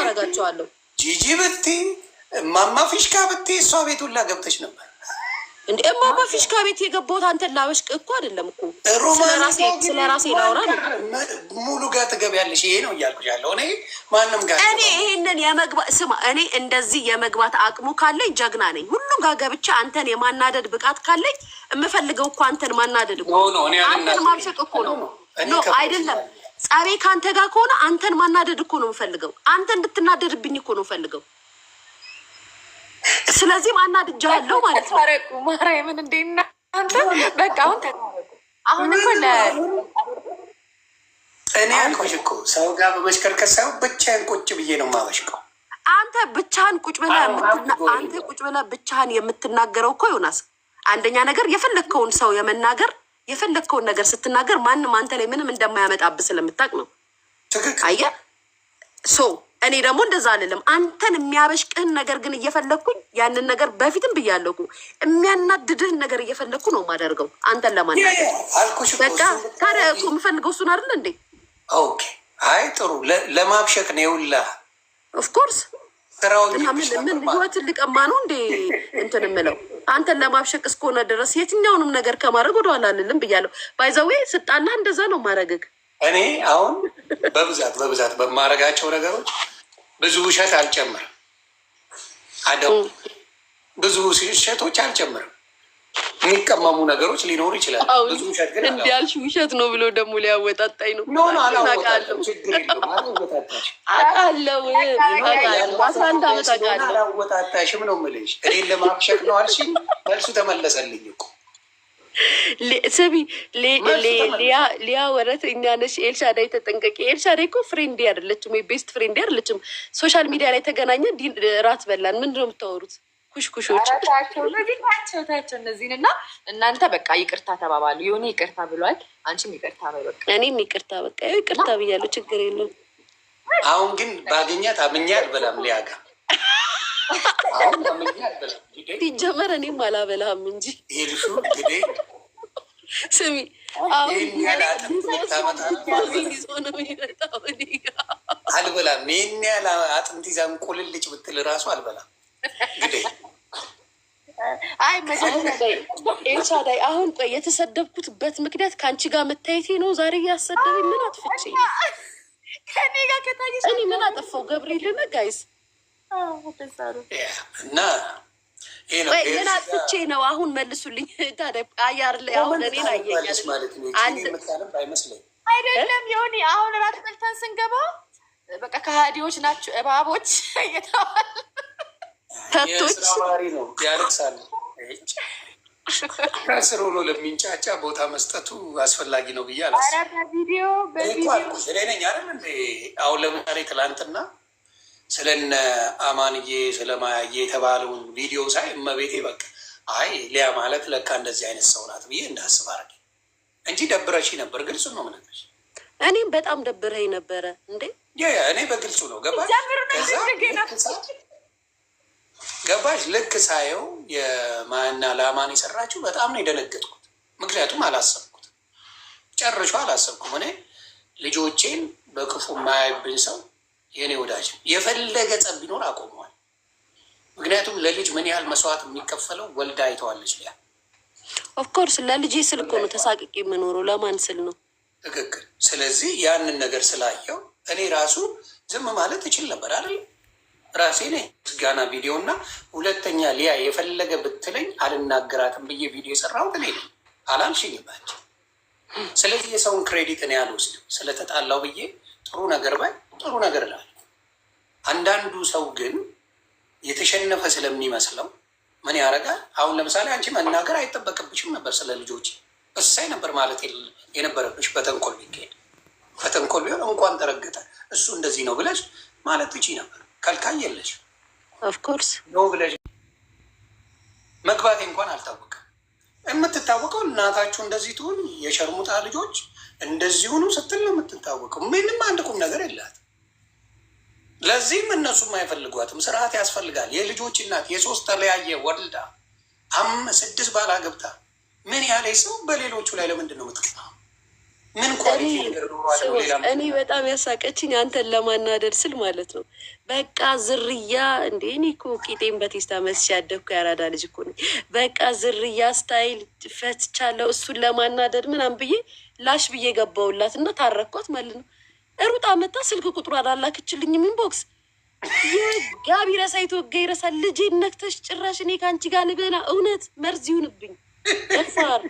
አረጋቸዋለሁ። ጂጂ ብትይ እማማ ፊሽካ ብትይ እሷ ቤት ሁላ ገብተች ነበር። እንደ እማማ ፊሽካ ቤት የገባሁት አንተን ላበሽቅ እኮ አይደለም እኮ ስለ ራሴ ላውራ ሙሉ ጋር ትገቢያለሽ። ይሄ ነው እያልኩሽ ያለው እኔ ማንም ጋር እኔ ይሄንን የመግባት ስማ፣ እኔ እንደዚህ የመግባት አቅሙ ካለኝ ጀግና ነኝ። ሁሉም ጋር ገብቼ አንተን የማናደድ ብቃት ካለኝ የምፈልገው እኮ አንተን ማናደድ አንተን ማብሸቅ እኮ ነው። አይደለም ጸሬ ከአንተ ጋር ከሆነ አንተን ማናደድ እኮ ነው የምፈልገው። አንተ እንድትናደድብኝ እኮ ነው የምፈልገው። ስለዚህ ማናድጃለሁ ማለት ነው። ማርያምን እንዴና አንተ በቃ አሁን አሁን እኮ እኔ አልኩሽ እኮ ሰው ጋር በመሽከርከር ሳይሆን ብቻዬን ቁጭ ብዬ ነው የማበሽቀው። አንተ ብቻህን ቁጭ ብለህ አንተ ቁጭ ብለህ ብቻህን የምትናገረው እኮ ዮናስ፣ አንደኛ ነገር የፈለግከውን ሰው የመናገር የፈለግከውን ነገር ስትናገር ማንም አንተ ላይ ምንም እንደማያመጣብህ ስለምታቅ ነው። አየ ሶ እኔ ደግሞ እንደዛ አልልም። አንተን የሚያበሽቅህን ነገር ግን እየፈለግኩኝ ያንን ነገር በፊትም ብያለሁ፣ የሚያናድድህን ነገር እየፈለግኩ ነው የማደርገው አንተን ለማናደድ። በቃ ታዲያ እኮ የምፈልገው እሱን አይደል እንዴ? ኦኬ። አይ ጥሩ፣ ለማብሸቅ ነው ይኸውልህ። ኦፍኮርስ ምን ህይወትን ልቀማ ነው እንዴ? እንትን አንተን ለማብሸቅ እስከሆነ ድረስ የትኛውንም ነገር ከማድረግ ወደኋላ አልልም ብያለሁ። ባይዘዌ ስጣላ እንደዛ ነው ማድረግህ። እኔ አሁን በብዛት በብዛት ነገሮች ብዙ ውሸት አልጨምርም። ብዙ ውሸቶች አልጨምርም። የሚቀመሙ ነገሮች ሊኖሩ ይችላል። እንዲያልሽ ውሸት ነው ብሎ ደግሞ ሊያወጣጣኝ ነው። አውቃለሁ፣ አስራ አንድ አላወጣጣሽም ነው የምልሽ። እኔን ለማብሸቅ ነው አልሽኝ። መልሱ ተመለሰልኝ እኮ ስሚ ሊያ ወረት እኛ ነሽ። ኤልሻዳይ ተጠንቀቂ። ኤልሻዳይ እኮ ፍሬንድ አይደለችም ወይ ቤስት ፍሬንድ አይደለችም። ሶሻል ሚዲያ ላይ ተገናኘ፣ ራት በላን። ምንድን ነው የምታወሩት? ኩሽኩሾች ታቸው እነዚህን እና እናንተ በቃ ይቅርታ ተባባሉ። የሆነ ይቅርታ ብሏል። አንቺም ይቅርታ እኔም ይቅርታ በቃ ይቅርታ ብያለሁ። ችግር የለውም። አሁን ግን ባገኛት ሊያጋ እኔም አላበላም እንጂ ስሚ አልበላም። ይህን ያህል አጥንት ይዛ እንቁልልጭ ብትል ራሱ አልበላም አይ ኤልሳዳይ አሁን ቆይ የተሰደብኩትበት ምክንያት ከአንቺ ጋር መታየቴ ነው። ዛሬ እያሰደብ ምን አጥፍቼ እኔ ምን አጠፋው? ገብርኤል ነ ጋይስ ምን አጥፍቼ ነው? አሁን መልሱልኝ። አያር ላይ አሁን እኔን አየኛል አይደለም የሆነ አሁን ራት በልተን ስንገባ በቃ ከሃዲዎች ናቸው እባቦች እየተባለ ከስር ሆኖ ለሚንጫጫ ቦታ መስጠቱ አስፈላጊ ነው ብዬ አላስብም። አሁን ለምሳሌ ትላንትና ስለነ አማንዬ ስለማያዬ የተባለውን ቪዲዮ ሳይ እመቤቴ በቃ አይ ሊያ ማለት ለካ እንደዚህ አይነት ሰው ናት ብዬ እንዳስብ አረግ እንጂ ደብረሽ ነበር። ግልጹ ነው ምንነሽ እኔም በጣም ደብረኝ ነበረ እንዴ። እኔ በግልጹ ነው ገባ ገባሽ? ልክ ሳየው የማና ላማን የሰራችው በጣም ነው የደነገጥኩት። ምክንያቱም አላሰብኩት፣ ጨርሾ አላሰብኩም። እኔ ልጆቼን በክፉ የማያይብኝ ሰው የእኔ ወዳጅ የፈለገ ጸብ ቢኖር አቆመዋል። ምክንያቱም ለልጅ ምን ያህል መስዋዕት የሚከፈለው ወልዳ አይተዋለች። ያ ኦፍኮርስ ለልጅ ስልክ እኮ ነው ተሳቅቄ የምኖረው፣ ለማን ስል ነው? ትክክል። ስለዚህ ያንን ነገር ስላየው እኔ ራሱ ዝም ማለት እችል ነበር አይደለም ራሴ ነኝ ምስጋና ቪዲዮ እና ሁለተኛ ሊያ የፈለገ ብትለኝ አልናገራትም ብዬ ቪዲዮ የሰራው እኔ ነኝ። አላልሽኝባቸው። ስለዚህ የሰውን ክሬዲት እኔ አልወስድም። ስለተጣላው ብዬ ጥሩ ነገር ባይ ጥሩ ነገር ላል። አንዳንዱ ሰው ግን የተሸነፈ ስለሚመስለው ምን ያደርጋል? አሁን ለምሳሌ አንቺ መናገር አይጠበቅብሽም ነበር ስለ ልጆች እሳይ ነበር ማለት የነበረብሽ በተንኮል ቢካሄድ በተንኮል ቢሆን እንኳን ተረገጠ እሱ እንደዚህ ነው ብለሽ ማለት ትቺ ነበር። ከልካይ የለች ኦፍኮርስ ኖ ብለሽ መግባቴ እንኳን አልታወቀም። የምትታወቀው እናታችሁ እንደዚህ ትሆን የሸርሙጣ ልጆች እንደዚህ ሆኑ ስትል ነው የምትታወቀው። ምንም አንድ ቁም ነገር የላት። ለዚህም እነሱም አይፈልጓትም። ስርዓት ያስፈልጋል። የልጆች እናት የሶስት ተለያየ ወልዳ አም ስድስት ባላ ገብታ ምን ያለ ሰው በሌሎቹ ላይ ለምንድን ነው ምትቀ ምን እኔ በጣም ያሳቀችኝ አንተን ለማናደድ ስል ማለት ነው። በቃ ዝርያ እንዴ! እኔ እኮ ቂጤን በቴስታ መስሽ ያደግኩ ያራዳ ልጅ እኮ ነኝ። በቃ ዝርያ ስታይል ፈትቻለሁ፣ እሱን ለማናደድ ምናምን ብዬ ላሽ ብዬ ገባውላት እና ታረኳት ማለት ነው። ሩጣ መጣ፣ ስልክ ቁጥሩ አላላክችልኝም ኢንቦክስ የጋቢ ረሳ የተወጋ ይረሳል። ልጄን ነክተሽ ጭራሽ እኔ ከአንቺ ጋር ልበላ። እውነት መርዝ ይሁንብኝ ፋር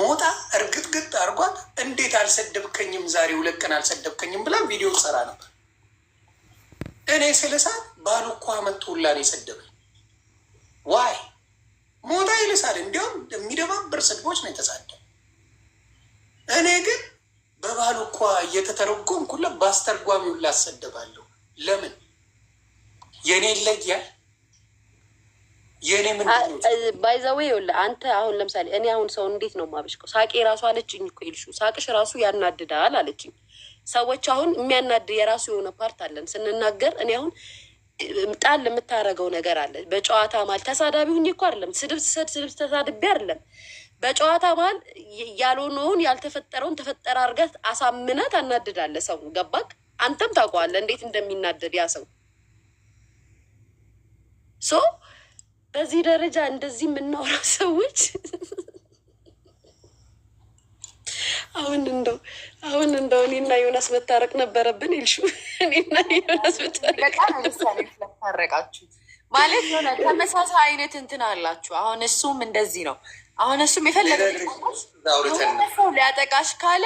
ሞታ እርግጥግጥ አድርጓት እንዴት አልሰደብከኝም፣ ዛሬ ሁለት ቀን አልሰደብከኝም ብላ ቪዲዮ ሰራ ነበር። እኔ ስልሳ ባሉ እኮ መጥቶላን ነው የሰደበኝ። ዋይ ሞታ ይልሳል። እንዲያውም የሚደባብር ስድቦች ነው የተሳደብ። እኔ ግን በባሉ እኳ እየተተረጎምኩለት በአስተርጓሚው ላሰደባለሁ። ለምን የኔ ይለያል? ባይዘዌ ይኸውልህ አንተ አሁን ለምሳሌ እኔ አሁን ሰው እንዴት ነው የማበሽቀው? ሳቄ ራሱ አለችኝ እኮ ይልሹ ሳቅሽ ራሱ ያናድዳል አለችኝ። ሰዎች አሁን የሚያናድ የራሱ የሆነ ፓርት አለን ስንናገር። እኔ አሁን ጣል የምታደርገው ነገር አለ በጨዋታ ማል ተሳዳቢ ሁኝ እኮ አይደለም ስድብ ስድብ ተሳድቤ አይደለም በጨዋታ ማል ያልሆነውን ያልተፈጠረውን ተፈጠረ አድርገህ አሳምነህ ታናድዳለህ ሰው። ገባክ? አንተም ታውቀዋለህ እንዴት እንደሚናደድ ያ ሰው ሶ በዚህ ደረጃ እንደዚህ የምናወራው ሰዎች አሁን እንደው አሁን እንደው እኔና ዮናስ መታረቅ ነበረብን። ይልሹ እኔና ዮናስ መታረቃችሁ ማለት ሆነ ተመሳሳይ አይነት እንትን አላችሁ። አሁን እሱም እንደዚህ ነው። አሁን እሱም የፈለገ ሰው ሊያጠቃሽ ካለ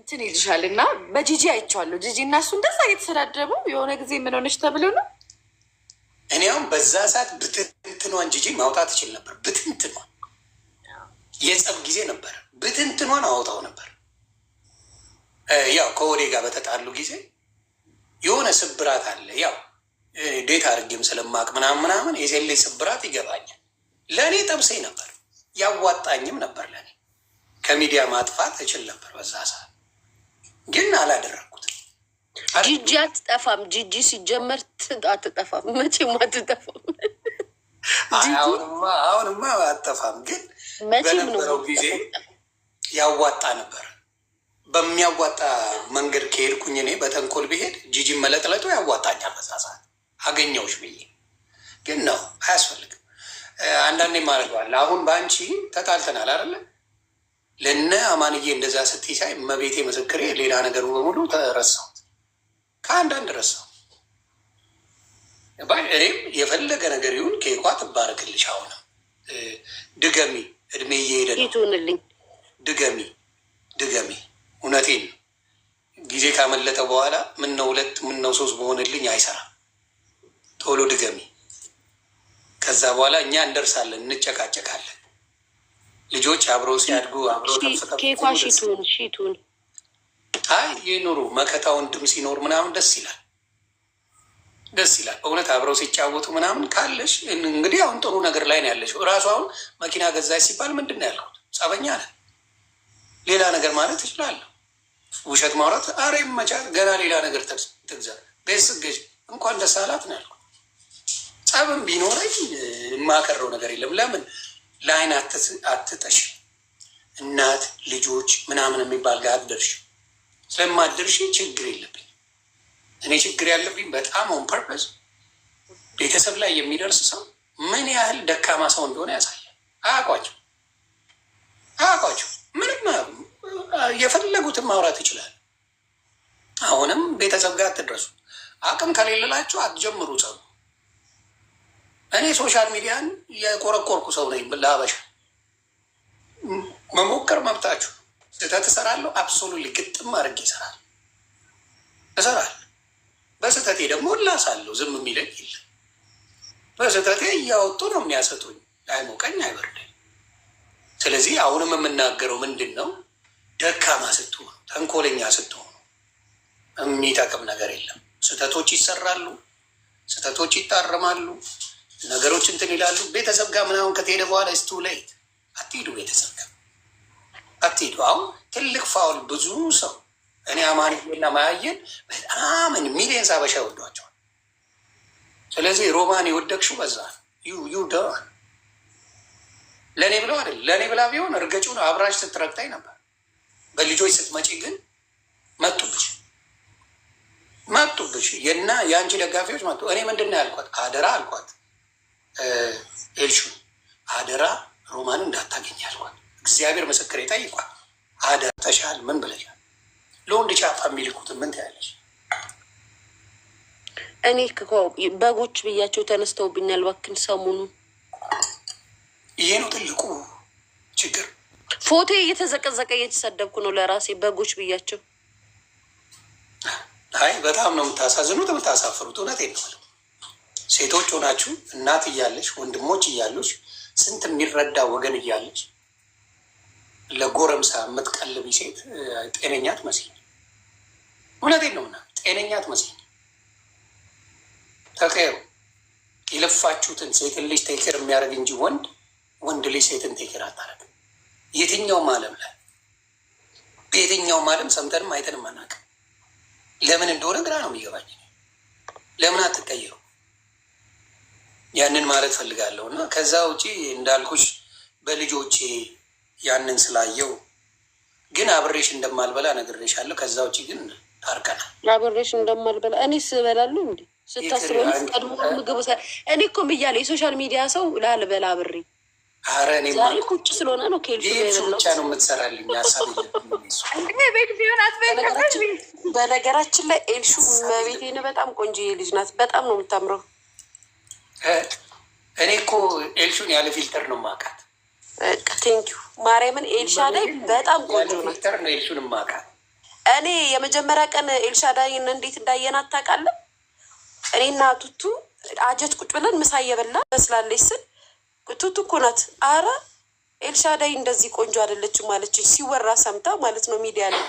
እንትን ይልሻል እና በጂጂ አይቼዋለሁ። ጂጂ እና እሱ እንደዛ እየተሰዳደቡ የሆነ ጊዜ ምን ሆነች ተብሎ ነው እኔውም በዛ ሰዓት ብትንትኗን ጂጂ ማውጣት እችል ነበር። ብትንትኗን የጸብ ጊዜ ነበር። ብትንትኗን አውጣው ነበር። ያው ከወዴ ጋር በተጣሉ ጊዜ የሆነ ስብራት አለ። ያው ዴት አድርጌም ስለማቅ ምናምን ምናምን የሴሌ ስብራት ይገባኛል። ለእኔ ጠብሰኝ ነበር፣ ያዋጣኝም ነበር። ለእኔ ከሚዲያ ማጥፋት እችል ነበር። በዛ ሰዓት ግን አላደረግኩት። ጂጂ አትጠፋም። ጂጂ ሲጀመር አትጠፋም፣ መቼም አትጠፋም። አሁንማ አትጠፋም፣ ግን በነበረው ጊዜ ያዋጣ ነበር። በሚያዋጣ መንገድ ከሄድኩኝ እኔ በተንኮል ብሄድ ጂጂን መለጥለጡ ያዋጣኛል። መሳሳ ሰዓት ብዬ ግን ነው አያስፈልግም። አንዳንዴ ማድረገዋል። አሁን በአንቺ ተጣልተናል አይደለ? ለነ አማንዬ እንደዛ ስትይ ሳይ መቤቴ ምስክሬ ሌላ ነገሩ በሙሉ ተረሳው። ከአንዳንድ ረሳው ባል እኔም የፈለገ ነገር ይሁን ኬኳ ትባረክልሽ። አሁንም ድገሚ፣ እድሜ እየሄደ ነው። ድገሚ ድገሚ። እውነቴን ነው። ጊዜ ካመለጠ በኋላ ምነው ሁለት ምነው ሶስት በሆንልኝ አይሰራም። ቶሎ ድገሚ። ከዛ በኋላ እኛ እንደርሳለን፣ እንጨቃጨቃለን። ልጆች አብረው ሲያድጉ አብረው ኬኳ ሺቱን ሺቱን አይ ይኑሩ መከታ ወንድም ሲኖር ምናምን ደስ ይላል፣ ደስ ይላል በእውነት አብረው ሲጫወቱ ምናምን ካለሽ እንግዲህ አሁን ጥሩ ነገር ላይ ነው ያለሽ። እራሱ አሁን መኪና ገዛች ሲባል ምንድን ነው ያልኩት? ጸበኛ ነ ሌላ ነገር ማለት እችላለሁ። ውሸት ማውራት አሬ መቻ ገና ሌላ ነገር ትግዛ ቤት እንኳን ደስ አላት ነው ያልኩት። ጸብም ቢኖረኝ የማከረው ነገር የለም። ለምን ለአይን አትጠሽ እናት ልጆች ምናምን የሚባል ጋር አትደርሽ ስለማደርሽ ችግር የለብኝ። እኔ ችግር ያለብኝ በጣም ኦን ፐርፐዝ ቤተሰብ ላይ የሚደርስ ሰው ምን ያህል ደካማ ሰው እንደሆነ ያሳያል። አያውቋቸው አያውቋቸው ምንም የፈለጉትን ማውራት ይችላል። አሁንም ቤተሰብ ጋር አትድረሱ። አቅም ከሌለላችሁ አትጀምሩ ሰው እኔ ሶሻል ሚዲያን የቆረቆርኩ ሰው ነኝ። ለአበሻ መሞከር መብታችሁ ስህተት እሰራለሁ። አብሶሉት ግጥም አድርጌ ይሰራል እሰራል። በስህተቴ ደግሞ እላሳለሁ። ዝም የሚለኝ የለም። በስህተቴ እያወጡ ነው የሚያሰጡኝ። አይሞቀኝ አይበርደኝ። ስለዚህ አሁንም የምናገረው ምንድን ነው? ደካማ ስትሆኑ፣ ተንኮለኛ ስትሆኑ የሚጠቅም ነገር የለም። ስህተቶች ይሰራሉ፣ ስህተቶች ይታረማሉ፣ ነገሮች እንትን ይላሉ። ቤተሰብ ጋር ምናምን ከተሄደ በኋላ ስቱ ላይት አትሄዱ ቤተሰብ አትሄዱ። አሁን ትልቅ ፋውል ብዙ ሰው እኔ አማኑኤልና ማያየን በጣም ሚሊየን ሳበሻ ይወዷቸዋል። ስለዚህ ሮማን የወደቅሽው በዛ ዩ ደዋል ለእኔ ብለው አይደል ለእኔ ብላ ቢሆን እርገጩ ነው አብራሽ ስትረግጠኝ ነበር። በልጆች ስትመጪ ግን መጡብሽ መጡብሽ የና የአንቺ ደጋፊዎች መጡ። እኔ ምንድን ነው ያልኳት? አደራ አልኳት፣ ኤልሹ አደራ ሮማን እንዳታገኝ አልኳት። እግዚአብሔር ምስክር ይጠይቋል። ተሻል ምን ብለሻል? ለወንድ ጫፋ የሚልኩትን ምን ትያለሽ? እኔ በጎች ብያቸው ተነስተውብኛል። እባክን ሰሙኑ ይሄ ነው ትልቁ ችግር። ፎቶ እየተዘቀዘቀ እየተሰደብኩ ነው ለራሴ በጎች ብያቸው። አይ በጣም ነው የምታሳዝኑት የምታሳፍሩት። እውነት ነው ሴቶች ሆናችሁ እናት እያለች ወንድሞች እያሉች ስንት የሚረዳ ወገን እያለች ለጎረምሳ የምትቀልብ ሴት ጤነኛ አትመስለኝም። እውነቴን ነውና ጤነኛ ትመስል። ተቀየሩ። የለፋችሁትን ሴትን ልጅ ቴክር የሚያደርግ እንጂ ወንድ ወንድ ልጅ ሴትን ቴክር አታረግ። የትኛውም ዓለም ላይ በየትኛውም ዓለም ሰምተንም አይተንም አናውቅም። ለምን እንደሆነ ግራ ነው የሚገባኝ። ለምን አትቀየሩ? ያንን ማለት ፈልጋለሁ እና ከዛ ውጪ እንዳልኩሽ በልጆቼ ያንን ስላየው ግን አብሬሽ እንደማልበላ ነግሬሻለሁ። ከዛ ውጭ ግን ታርቀናል። አብሬሽ እንደማልበላ እኔስ እበላለሁ እንዴ? ስታስበው ቀድሞ ምግብ እኔ እኮ ብያለሁ። የሶሻል ሚዲያ ሰው ላልበላ አብሬ አረ እኔ ዛሬ ቁጭ ስለሆነ ነው። ከሄድ ብቻ ነው የምትሰራልኝ ሀሳብ በነገራችን ላይ ኤልሹ መቤቴን በጣም ቆንጆ ልጅ ናት። በጣም ነው የምታምረው። እኔ እኮ ኤልሹን ያለ ፊልተር ነው የማውቃት። ቴንኪው ማርያምን ኤልሻዳይ በጣም ቆንጆ ናት። እኔ የመጀመሪያ ቀን ኤልሻዳይን እንዴት እንዳየናት ታውቃለህ? እኔና ቱቱ አጀት ቁጭ ብለን ምሳ እየበላ መስላለች ስል ቱቱ እኮ ናት። አረ ኤልሻዳይ እንደዚህ ቆንጆ አይደለችም ማለች ሲወራ ሰምታ ማለት ነው ሚዲያ ላይ።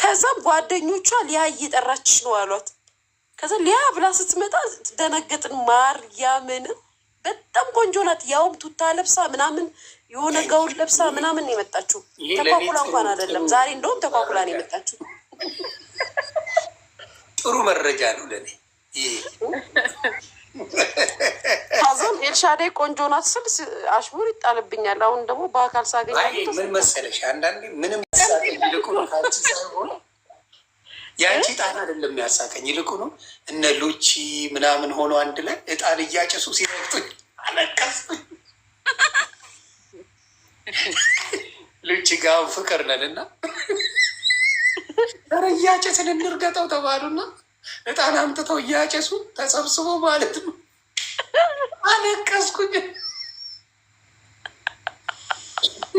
ከዛም ጓደኞቿ ሊያ እየጠራችሽ ነው አሏት። ከዛ ሊያ ብላ ስትመጣ ደነገጥን። ማርያምን በጣም ቆንጆ ናት፣ ያውም ቱታ ለብሳ ምናምን የሆነ ጋውን ለብሳ ምናምን የመጣችው ተኳኩላ እንኳን አይደለም። ዛሬ እንደውም ተኳኩላ ነው የመጣችው። ጥሩ መረጃ ነው ለእኔ ሀዘን ኤልሻዴ ቆንጆ ናት ስል አሽሙር ይጣልብኛል። አሁን ደግሞ በአካል ሳገኝ ምን መሰለሽ አንዳንዴ ምንም የአንቺ ጣን አይደለም የሚያሳቀኝ፣ ይልቁኑ እነ ሉቺ ምናምን ሆኖ አንድ ላይ እጣን እያጨሱ ሲረግጡኝ አለቀስኩኝ። ልጅ ጋ ፍቅር ነን እና እያጨስን እንርገጠው ተባሉና እጣን አምጥተው እያጨሱ ተሰብስቦ ማለት ነው። አለቀስኩኝ።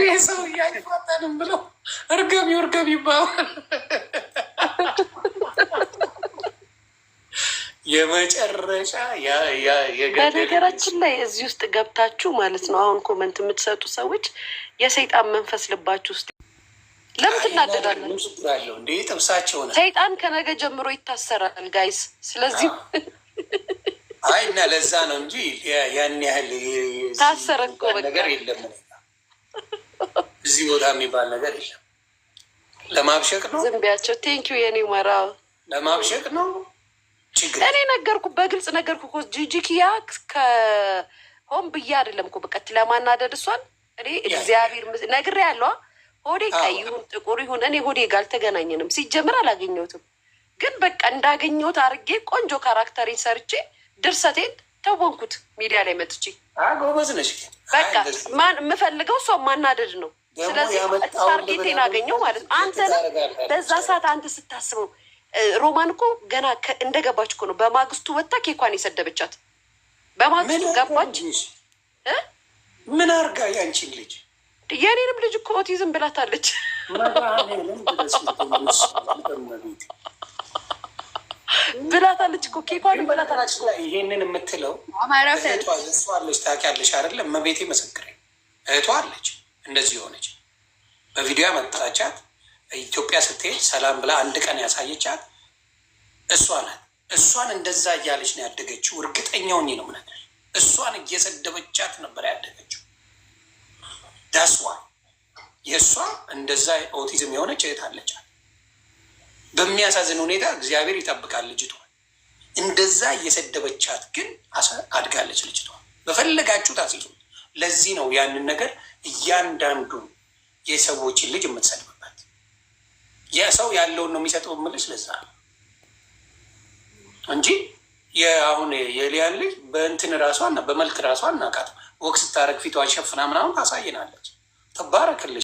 ይህ ሰው እያጭፋጠንም ብለው እርገሚው እርገም ይባባል። የመጨረሻ በነገራችን ላይ እዚህ ውስጥ ገብታችሁ ማለት ነው አሁን ኮመንት የምትሰጡ ሰዎች የሰይጣን መንፈስ ልባችሁ ውስጥ ለምን ትናደዳላችሁ ሰይጣን ከነገ ጀምሮ ይታሰራል ጋይስ። ስለዚህ አይ እና ለዛ ነው እንጂ ያን ያህል ታሰረ እኮ ነገር የለም እዚህ ቦታ የሚባል ነገር የለም። ለማብሸቅ ነው ዝም ቢያቸው። ቴንኪው የኔ መራ ለማብሸቅ ነው እኔ ነገርኩ፣ በግልጽ ነገርኩ እኮ ጂጂኪያ ከሆን ብዬ አይደለም እኮ በቃ ለማናደድ እሷን። እኔ እግዚአብሔር ነግሬ ያለዋ ሆዴ ቀይ ይሁን ጥቁር ይሁን እኔ ሆዴ ጋር አልተገናኘንም። ሲጀምር አላገኘሁትም፣ ግን በቃ እንዳገኘሁት አድርጌ ቆንጆ ካራክተሪን ሰርቼ ድርሰቴን ተወንኩት። ሚዲያ ላይ መጥቼ ጎበዝ ነሽ በቃ የምፈልገው እሷን ማናደድ ነው። ስለዚህ ታርጌቴን አገኘው ማለት ነው። አንተ በዛ ሰዓት አንተ ስታስበው ሮማን እኮ ገና እንደገባች እኮ ነው በማግስቱ ወጥታ ኬኳን የሰደበቻት። በማግስቱ ገባች። ምን አርጋ ያንቺን ልጅ የኔንም ልጅ እኮ ኦቲዝም ብላታለች። ብላታለች እኮ ኬኳን ብላታለች። የምትለው እህቷ ታውቂያለሽ አይደለም? መቤቴ መሰክረኝ እህቷ አለች። እንደዚህ የሆነች በቪዲዮ ያመጣቻት ኢትዮጵያ ስትሄድ ሰላም ብላ አንድ ቀን ያሳየቻት እሷ ናት። እሷን እንደዛ እያለች ነው ያደገችው። እርግጠኛውን ነው ምነት እሷን እየሰደበቻት ነበር ያደገችው። ዳስዋ የእሷ እንደዛ ኦቲዝም የሆነች እህት አለቻት። በሚያሳዝን ሁኔታ እግዚአብሔር ይጠብቃል። ልጅቷ እንደዛ እየሰደበቻት ግን አድጋለች። ልጅቷ በፈለጋችሁ ታስይዙ። ለዚህ ነው ያንን ነገር እያንዳንዱ የሰዎችን ልጅ የምትሰድበው። የሰው ያለውን ነው የሚሰጠው ምልሽ ለዛ እንጂ የአሁን የሊያን ልጅ በእንትን ራሷና በመልክ ራሷ እናቃት ወቅት ስታረግ ፊቷን ሸፍና ምናምን ታሳይናለች። ትባረክልሽ።